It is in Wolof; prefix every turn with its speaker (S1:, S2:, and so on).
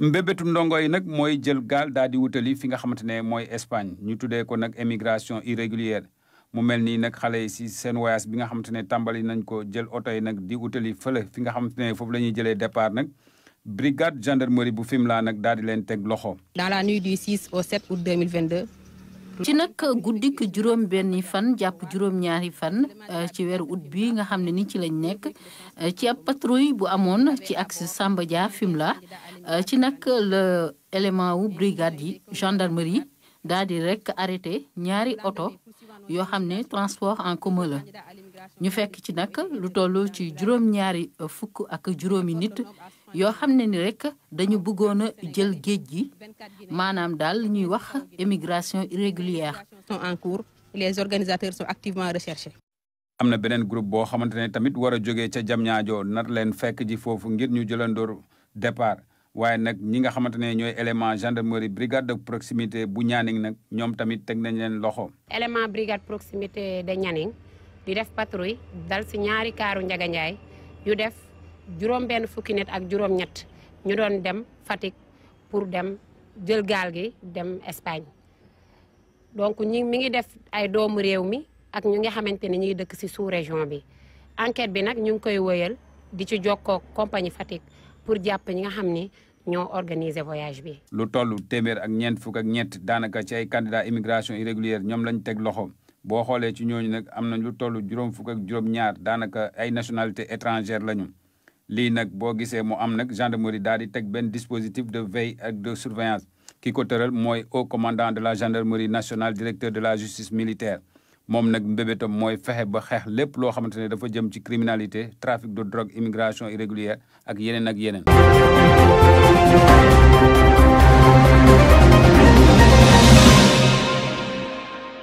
S1: mbébétu ndongo yi nag mooy jël gaal daal di wutali fi nga xamante ne mooy Espagne ñu tuddee ko nag émigration irrégulière mu mel nii nag xale yi si seen voyage bi nga xamante ne tàmbali nañ ko jël oto yi nag di wutali fële fi nga xamante ne foofu la ñuy jëlee départ nag brigade gendarmerie bu Fimela nag daal di leen teg loxo.
S2: dans la nuit du 6 au 7 août 2022. ci nag guddik juróom benni fan jàpp juróom ñaari fan euh, ci weeru ut bi nga xam ne ni ci lañ nekk euh, ci ab patrouille bu amoon ci axe Samba Dia Fimela Euh, ci nag le élément wu brigade yi gendarmerie daal di rek arrêté ñaari oto yoo xam ne transport en comme la ñu fekk ci nag lu toll ci juróom-ñaari euh, fukk ak juróomi nit yoo xam ne ni rek dañu bëggoon a jël géej gi maanaam daal ñuy wax émigration irrégulière. sont en cours les organisateurs sont activement recherchés.
S1: am na beneen groupe boo xamante ne tamit war a jógee ca Diamniadio nar leen fekk ji foofu ngir ñu jëlandoor départ. waaye nag ñi nga xamante ne ñooy élément gendarmerie brigade de proximité bu Nianing nag ñoom tamit teg nañ leen loxo.
S3: élément brigade proximité de Nianing di def patrouille dal si ñaari kaaru Ndiaga Ndiaye yu def juróom benn fukki net ak juróom ñett ñu doon dem Fatick pour dem jël gaal gi dem Espagne donc ñi mi ngi def ay doomu réew mi ak ñu nga xamante ni ñu ngi dëkk si sous région bi enquête bi nag ñu ngi koy wëyal di ci jokkoo compagnie Fatick. pour jàpp nga xam ni ñoo organiser voyage bi.
S1: lu toll téeméer ak ñeent fukk ak ñett daanaka ci ay candidats immigration irrégulière ñoom lañ teg loxo boo xoolee ci ñooñu nag am na lu toll juróom fukk ak juróom-ñaar daanaka ay nationalité étrangère lañu. lii nag boo gisee mu am nag gendarmerie daal di teg benn dispositif de veille ak de surveillance ki ko tëral mooy haut commandant de la gendarmerie nationale directeur de la justice militaire. moom nag mbébétam mooy fexe ba xeex lépp loo xamante ne dafa jëm ci criminalité trafic de drogue immigration irrégulière ak yeneen ak yeneen